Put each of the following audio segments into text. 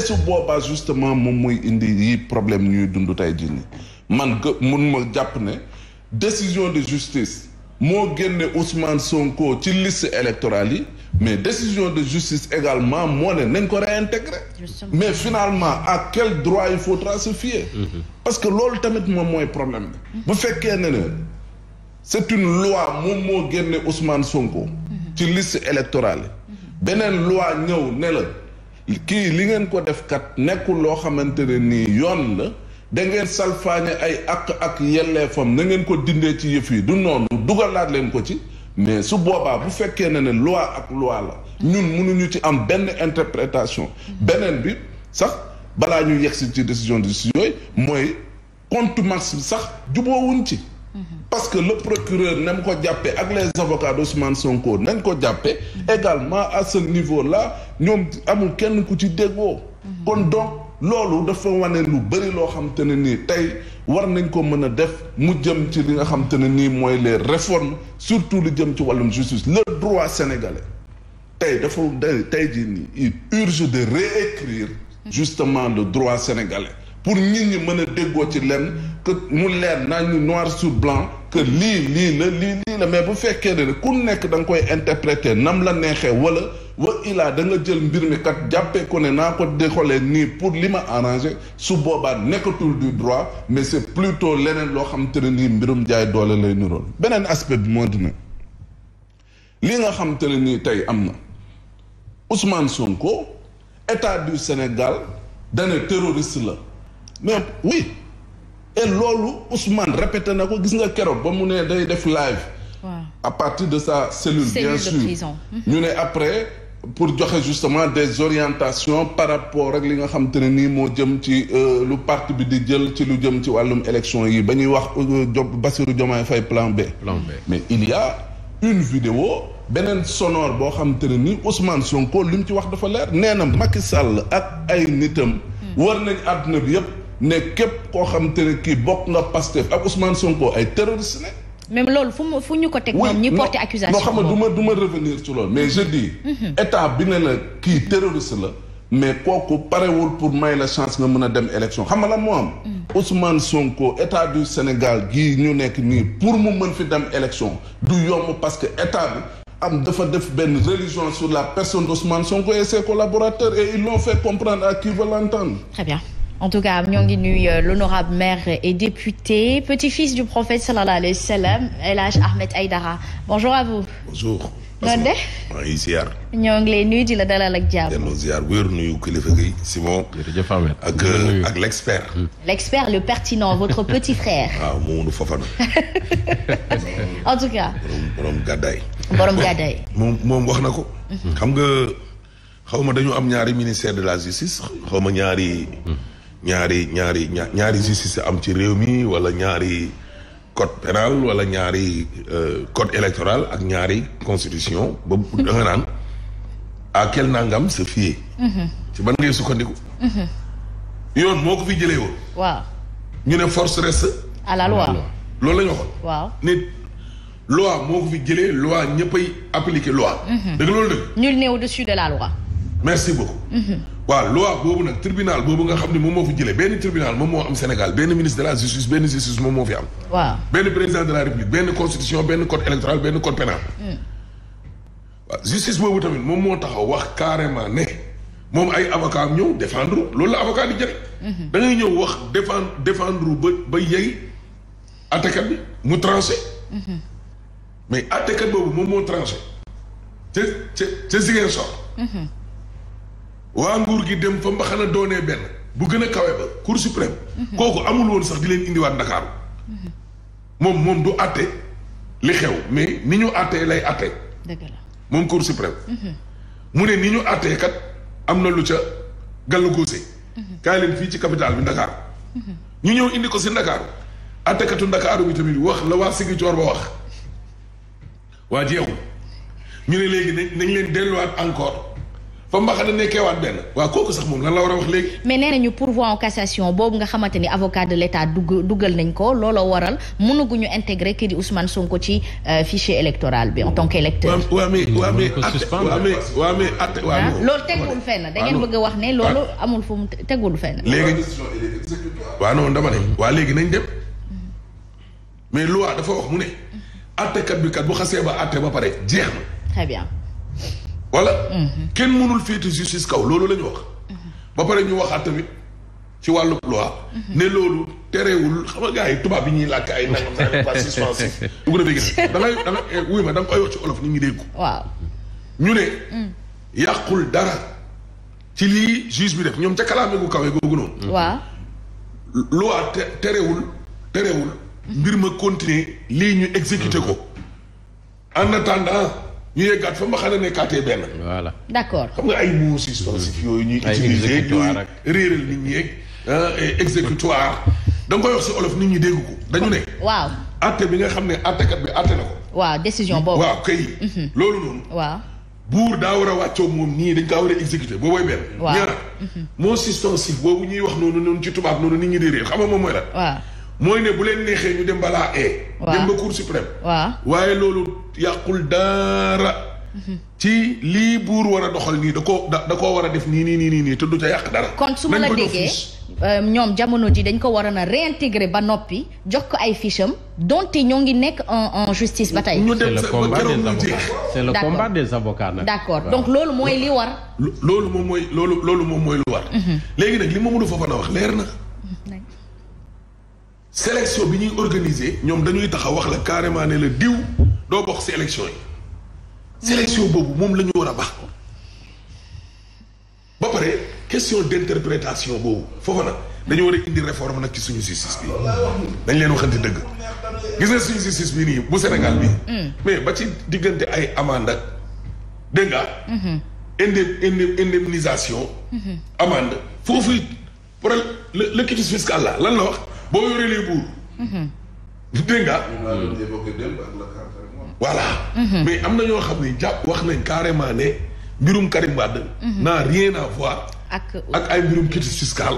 te su boobaa justement moom mooy indi yi problème ñuy dund tey jii nii man mun ma jàpp ne décision de justice moo génne Ousmane Sonko ci liste électorale yi mais décision de justice également moo ne nañ ko réintégrer mais finalement à quel droit il faudra se fier mm-hmm. parce que loolu tamit moom mooy problème bi bu fekkee ne ne c'est une loi moom moo génne Ousmane Sonko mm-hmm. ci list électorale yi mm-hmm. beneen loi ñëw ne la kii li ngeen ko def kat nekkul loo xamante ne nii yoon la da ngeen salfaañe ay ak ak yelleefam na ngeen ko dindee ci yëf yi du noonu dugalaat leen ko ci mais su boobaa bu fekkee ne ne loi ak loi la ñun mënuñu ci am benn interprétation beneen bi sax balaa ñu yegsi ci décision de justice yooyu mooy contumace sax juboowuñ ci parce que le procureur nañ ko jàppe ak les avocats d'Ousmane Sonko nañ ko jàppee. également à ce niveau la ñoom amul kenn ku ci déggoo. kon donc loolu dafa wane lu bëri loo xam te ne nii tey war nañ ko mën a def mu jëm ci li nga xam te ne nii mooy les réforme surtout lu jëm ci wàllum justice le droit sénégalais tey dafa tey jii nii il urge de réécrire justement le droit sénégalais pour nit ñi mën a déggoo ci lenn. que mu leer ñu noir sur blanc que lii lii la lii lii la mais bu fekkee ne ku nekk da nga koy interpréter nam la neexee wala wa ilaa da jël mbir mi kat jàppee ko ne naa ko décoller nii pour li ma arrangé su boobaat nekkatul du droit mais c' est leneen loo xam te nii mbirum jaay doole lay niroon beneen aspect bi moo dina li nga xam te nii tey am na Ousmane sunko état du Sénégal dane terroriste la mais oui et loolu Ousmane répété na ko gis nga keroog ba mu ne day def live. waaw à partir de sa cellule. bien sûr mhm. ñu ne après pour joxe justement des orientations par rapport ak li nga xam te ne nii moo jëm ci euh, lu part bi di jël ci lu jëm ci wàllum élection yi ba ñuy wax euh, Bassirou Diomaye Faye plan B. plan B mais il y une vidéo beneen sonore boo xam te ne nii Ousmane Sonko lu mu ci wax dafa leer nee na Macky Sall ak ay nitam. Mhm. war nañ àdduna bi yëpp. ne képp koo xam te ne kii bokk nga Pastef ak Ousmane Sonko ay terroriste ne même loolu fu mu fu ñu ko teg ñoom ñi porté accusation non xam nga du ma ma revenir ci mais je dis mhm. état bi ne na kii terroriste la mais kooku parewul pour may la chance nga mën a dem élection xam nga lan moo am mhm. Ousmane Sonko état du Sénégal gii ñu nekk nii pour mu mën fi dem élection du yomb parce que état bi am dafa def benn religion sur la personne d'Ousmane Sonko et ses collaborateurs et ils l'ont fait comprendre à qui veut l'entendre très bien en tout ñoo ngi nuy l'honorable maire et député petit-fils du prophète sallallahu alayhi wa sallam El Hadj Ahmed Aïdara bonjour à vous. bonjour. noonu de. maa ziar. ñoo ngi lay nuyu di la dalal ak jàmm. delloo ziar wéer nuyu kilifa gi Simon. jërëjëf Ahmed ak ak l' expert. l' le pertinent votre petit frère. waaw ah, Mamadou Fofana. en tout cas. borom borom gàddaay. moom wax na ko. Mhm. xam nga xaw ma dañoo am ñaari ministère de la justice xaw ma ñaari. Mhm. ñaari ñaari ñaari justice am ci réew mi wala ñaari code pénal wala ñaari euh, code électoral ak ñaari constitution ba da nga naan à quel nangam se fier mm-hmm. ci ban ngay sukkandiku mm-hmm. yoon moo ko fi jëlee woon ñu ne force reste à la loi loolu la ñu waxoon waaw nit loi moo ko fi jëlee loi ñëppay appliquer loi mm-hmm. dëgg loolu dëgg nul n'est au-dessus de la loi merci beaucoup waaw loi boobu nag tribunal boobu nga xam ne moom moo fi jëlee benn tribunal moom moo am Sénégal benn ministre de la justice benn justice moom moo fi am. waaw benn président de la république benn constitution benn code électoral benn code pénal. Hmm. waaw justice boobu tamit moom moo taxaw wax carrément ne moom ay avocat am ñëw défendre loolu la avocat di jëriñ. Hmm. da ñëw wax défendre défendre ba ba yey attaquant bi mu tranché. Hmm. mais attaquant boobu moom moo tranché ca ca ca waa nguur gi dem fa mbaxana doonee benn bu gën a kawe ba cour suprême mhm. kooku amul woon sax di leen indiwaat ndakaaru mhm. moom moom du àtte li xew mais ni ñu àttee lay àttee moom cour suprême mhm. mu ne ni ñu àttee kat am na lu ca gàllu góose kaay leen fii ci capital bi ndakaaru ñu ñëw indi ko si ndakaaru àttekatu ndakaaru bi tamit wax la waa sigi coor ba wax waa jeexul ñu ne léegi nañ leen delluwaat encore fa mbaxana nekkee waat kooku sax moom lan la war a wax léegi. mais nee nañu pourvoi en cassation boobu nga xamante ni avocat de l' dugg duggal nañ ko looloo waral mënaguñu intégré kii di Ousmane ko ci euh, fichier électoral bi en tant qu'électeur. waaw mais waaw mais waaw mais atte ah, loolu tegul fenn da ngeen a wax ne loolu amul fu mu tegul fenn. léegi waaw non dama ne. waa léegi nañ dem mais loi dafa wax mu ne. attekat bi kat bu xasee ba atte ba pare jeex na. très bien. wala mm-hmm. kenn mënul féete justice kaw loolu la ñu wax mm-hmm. ba pare ñu waxaat tamit ci wàllu loi mm-hmm. ne loolu terewul xam nga gars yi tubaab bi ñuy làkk ay nangam sax pas suspensif du gën a dégg da eh, wuy ma da nga ci olof nit ñi dégg ko waaw ñu ne mm. yàqul dara ci lii juge bi def ñoom ca kalaame gu kawee googu noonu waaw loi terewul terewul mbir ma continuer lii ñu exécuté ko en attendant ñu yeggaat fa ne nekkaatee benn. voilà d' accord. xam nga ay mots suspensifs mm. yooyu ñuy utiliser ñuy réeral nit ñi yeeg ah, exécutoire da nga koy wax si olof nit ñi dégg ko dañu ne. waaw àtte bi nga xam ne àttekat bi àtte na ko. waaw décision boobu. waaw kay. Mhm. loolu noonu. waaw buur daa war a wàccoo moom nii dañ kaa war a exécuté boobooy benn. waaw ñaar mhm. mots suspensifs boobu ñuy wax noonu noonu ci tubaab noonu nit ñi di réer xam nga moom mooy la. waaw mooy ne bu leen neexee ñu dem balaa ee dem ba cour waaye loolu yàqul dara mhm. ci lii buur war a doxal nii da koo da da koo war a def nii nii nii nii te yàq dara kon su ma la déggee euh, ñoom jamono ji dañ ko war a réintégrer ba noppi jox ko ay fiche am donte ñoo ngi nekk en en justice ba tey. ñu dem sa ba keroog ñu jeex c'est le combat des avocats nag. d'accord donc loolu mooy li war. loolu moom mooy loolu loolu moom mooy lu war. Mhm. léegi nag li Mamadou Fofana wax leer na. sélection bi ñuy organiser ñoom dañuy taxaw wax la carrément ne la diw doo bokk si élection yi. sélection boobu moom la ñu war a baax. ba pare question d' interprétation boobu foofa nag dañu war a indi réforme nag ci suñu justice bi dañ leen waxante dëgg gis nga suñu justice bi nii bu Sénégal bi mm. mais ba ci diggante ay amende ak dégg nga. Mm-hmm. indem indemnisation. Mm-hmm. amende foofu problème le quitus fiscal la lan la wax. boo yoree buur. Mhm. dégg nga. Mhm. mais am na ñoo xam ne jàpp wax nañ carrément ne mbirum Karim Wade. Mhm. n'a rien à voir. ak ay mbirum quitus fiscal.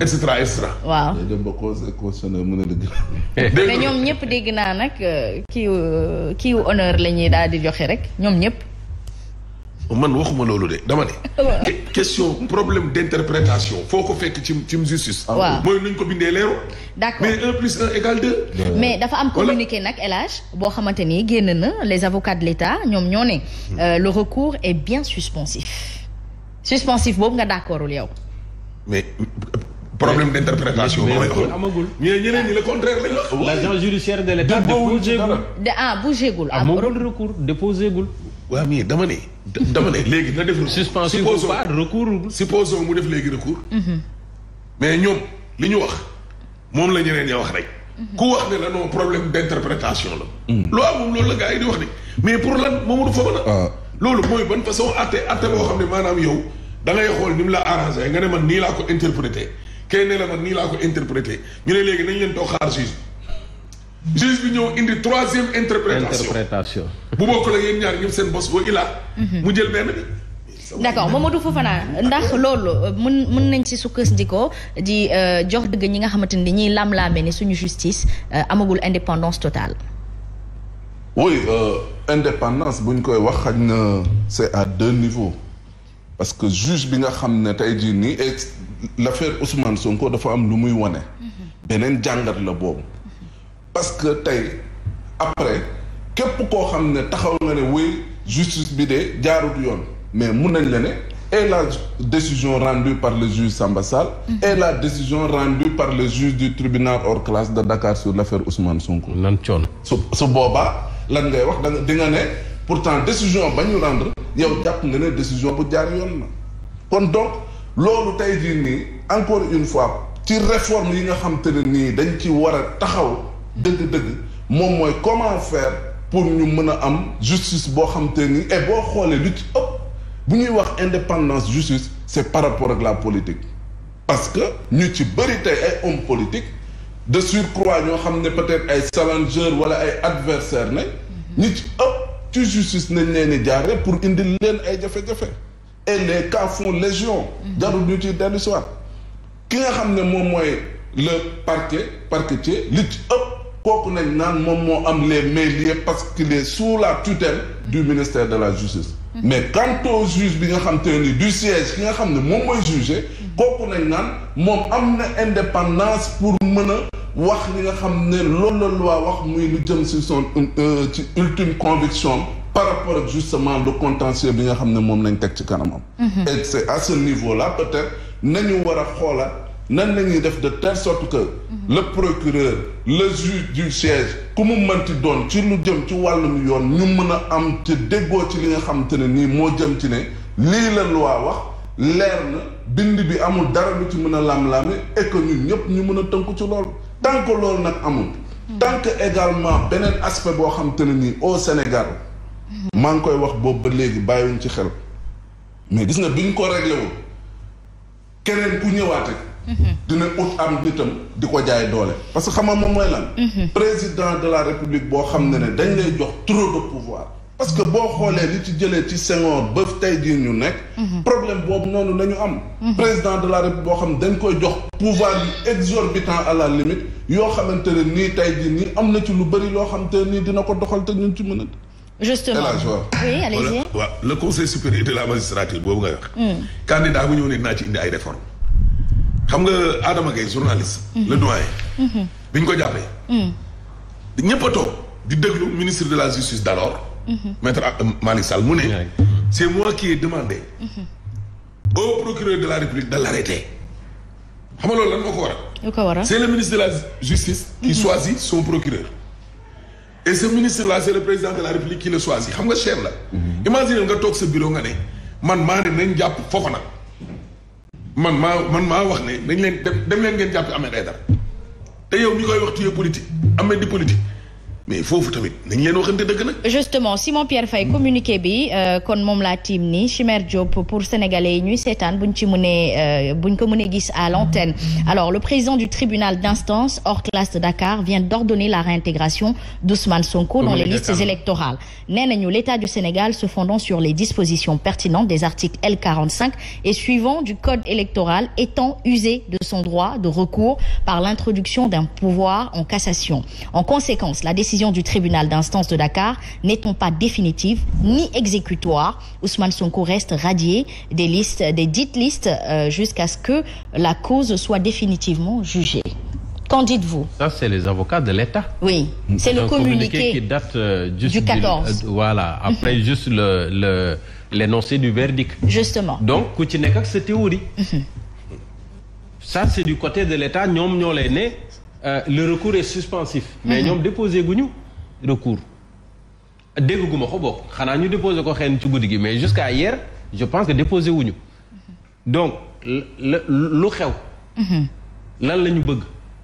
et cetera et waaw day dem ba conseil constitutionnel mën a dëgg. Eh. mais ñoom ñëpp dégg naa nag euh, kii euh, kii honneur la ñuy daal di joxe rek ñoom ñëpp. man waxuma loolu de dama ne. question problème d'interprétation foo ko fekk ci ci justice. waaw mooy nuñ ko bindee leeru. d'accord mais dafa am communiqué nag El boo xamante ni génn na les avocats de ñoom ñoo ne. Hmm. Euh, le recours est bien suspensif. suspensif boobu nga d'accordul yow. mais problème d'interprétation. amagul mais ñeneen ñi le contraire lañ wax. l'agent judiciaire de l'État. déposé gul ah bougé gul. Ah, amagul recours déposé gul. waaw mais dama ne. dama ne léegi nga def recours. supposons recours supposons mu def léegi recours. mais ñoom li ñu wax moom la ñeneen ña wax rek. ku wax ne la non problème d'interprétation la. loolu la gars wax de mais pour lan Mamadou Fofana. waaw ah. loolu mooy ban façon atte atte boo xam ne maanaam yow da ngay xool ni mu la arrangé nga ne man nii laa ko interprété kenn ne la man nii laa ko interprété ñu ne léegi nañ leen toog xaar juge. juge bi ñëw indi troisième interprétation interprétation. bu bokkul ak yéen ñaar ñëpp seen bos boo ilaa mhm. mu jël benn bi. d'accord Mamadou Fofana ndax loolu euh, mën mën nañ ci sukkandikoo di euh, jox dëgg ñi nga xamante ni ñiy lam-laame ni suñu justice euh, amagul indépendance totale. oui indépendance buñ koy wax xaj na c'est à deux niveaux parce que juge bi nga xam ne tey jii nii l'affaire Ousmane Sonko dafa am lu muy wane. Mhm. beneen jàngat la boobu. parce que tey après képp koo xam ne taxaw nga ne wéy justice bi de jaarut yoon mais mun nañ la ne et la décision rendue par le juge Samba Sall mhm. et la décision rendue par le juge du tribunal hors classe de Dakar sur l'affaire Ousmane Sonko. lan coon su su boobaa lan ngay wax da nga di nga ne pourtant décision ba ñu rendre yow jàpp nga ne décision bu jaar yoon na kon donc loolu tey jii nii encore une fois ci réforme yi nga xam te ne nii dañ ci war a taxaw dëgg-dëgg moom mooy comment faire pour ñu mën a am justice boo xam te ni et boo xoolee lu ci ëpp bu ñuy wax indépendance justice c'est par rapport ak la politique parce que ñu ci bëri tey ay hommes politiques de surcroît ñoo xam ne peut-être ay challengeurs wala ay adversaires nañ mm-hmm. ñu ci ëpp ci justice nañ leen jaar jaare pour indi leen ay jafe-jafe et les cas font légion mm-hmm. jarul ñu ci dellu ki nga xam ne moom mooy le parquet parquetier li ci ëpp kooku nañ naan moom moo am les mails parce que est sous la tutelle du ministère de la justice mais quant au juge bi nga xam te ni du siège ki nga xam ne moom mooy juger kooku nañ naan moom am na indépendance pour mën a wax li nga xam ne loolu la loi wax muy lu jëm si son euh, ci ultime conviction par rapport ak justement le contentieux bi nga xam ne moom nañ teg ci kanamam mhm. et c'est à ce niveau là peut nañu war a xoola nan la def de telle sorte que mhm. le procureur le juge du siège ku mu mënti doon ci lu jëm ci wàllum yoon ñu mën a am ci déggoo ci li nga xamante ne nii moo jëm ci ne lii la waa wax leer na bind bi amul dara lu ci mën a lam-laame et que ñëpp ñu mën a tënku ci lool tant que loolu nag amul mhm. tant également beneen aspect boo xamante ne nii au Sénégal mhm. maa ngi koy wax boobu ba léegi bàyyiwuñ ci xel mais gis nga bi ñu ko réglé keneen ku ñëwaat dina ut am nitam di ko jaay doole parce que xam nga moom mooy lan mhm. président de la république boo xam ne ne dañ lay jox trop de pouvoir parce que boo xoolee li ci jëlee ci Senghor ba tey jii ñu nekk mhm. problème boobu noonu la ñu am mhm. président de la république boo xam ne dañ koy jox pouvoir yu exorbitant à la limite yoo xamante ne nii tey dii nii am na ci lu bari loo xam te nii dina ko doxal te ñun ci mën a justement oui allez-y waaw le conseil supérieur de la mm. indi ay réformes xam nga Adama Gaye journaliste. Mm-hmm. le doyen. Mm-hmm. bi ñu ko jàppee. Mm. ñëpp a toog di déglu ministre de la justice d'alors. Mm-hmm. maître euh, Malick Sall mu ne. c'est moi qui ai demandé. au procureur de la République de l'arrêter. xam nga loolu lan moo ko waral. lu ko waral c'est le ministre de la justice. qui choisit son procureur. et ce ministre là c'est le président de la République qui le choisit xam nga chef la. imagine nga toog sa bureau nga ne man maa ne nañ jàpp foofu nag. man maa man maa wax ne dañu leen dem dem leen ngeen jàpp Ahmed dara te yow mi koy wax tuyee politique Ahmed di politique mais foofu tamit nañ leen waxante dëgg nag. justement bi euh, kon moom laa tiim ni Chimère Diop pour sénégalais yi ñuy seetaan buñ ci mënee euh, buñ ko mënee gis à l'antenne alors le président du tribunal d'instance hors classe de Dakar vient d'ordonner la réintégration d'Ousmane Sonko dans les listes électorales nee nañu l'État du Sénégal se fondant sur les dispositions des articles L45 et suivants du code électoral étant usé de son droit de par l'introduction d'un pouvoir en cassation en conséquence décision du tribunal d'instance de Dakar n'étant pas définitive ni exécutoire, Ousmane Sonko reste radié des listes, des dites listes euh, jusqu'à ce que la cause soit définitivement jugée. Qu'en dites-vous? Ça, c'est les de l'État. Oui, communiqué, qui date euh, du 14. Euh, voilà, après juste le le l'énoncé du verdict. Justement. Donc ku ci nekk ak théorie. Mhm. Ça, c'est du côté Euh, le recours est suspensif. mais mhm. ñoom déposé guñu recours. dégg gu ma ko bokk xanaa ñu déposé ko xëy ci guddi gi mais jusqu'à hier je pense que déposé ñu donc lu xew. Mhm. lan la ñu bëgg.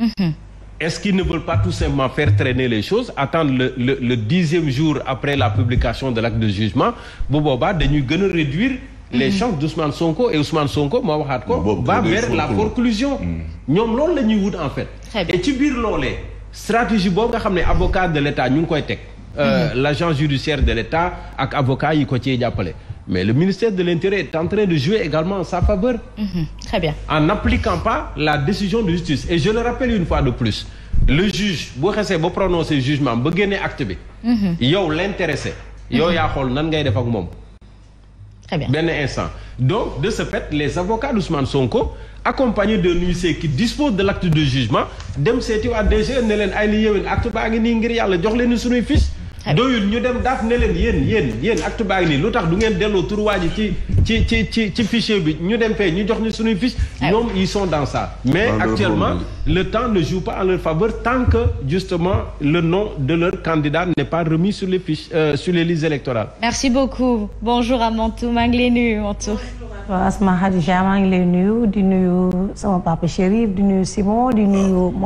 Mhm. est-ce qu'ils ne veulent pas tout simplement faire traîner les choses attendre le le le dixième jour après la publication de l'acte de jugement bu boobaa dañuy gën réduire. les chances d'Ousmane Sonko et Ousmane Sonko moo waxaat ko. va vers la conclusion. ñoom loolu la ñuy wut en fait. très bien et ci biir loolee stratégie boobu nga xam ne avocat de l' état ñu ngi koy teg. Euh, l' agent judiciaire de l' état ak avocat yi ko ciy jàppale. mais le ministère de l'Intérieur est en train de jouer également en sa faveur. Mm-hmm. très bien. en n'appliquant pas la décision de justice et je le rappelle une fois de plus le juge boo xesee ba prononcer jugement ba génnee acte bi. Mm-hmm. yow l'intéressé. yow yaa xool nan ngay def moom. très benn instant donc de ce fait les avocats d'Ousmane Sonko. accompagné d'un huissier qui dispose de l'acte de jugement dem seeti waa DGE ne ay li yéwén acte baa ngi nii ngir yàlla jox leen suñuy fiche ah doyul ñu dem daaf ne leen yéen acte baa ngi nii lu tax du ngeen delloo turuwaa ji ci ci ci ci ci fichier bi ñu dem fee ñu jox ñu suñuy fiche ah ñoom ils sont dans ça mais actuellement le temps ne joue pas en leur faveur tant que justement le nom de leur candidat n'est pas remis sur les fiches euh, sur les listes électorales Asma Khadija maa ngi lay nuyu di nuyu sama papa Chérif di nuyu Simon di nuyu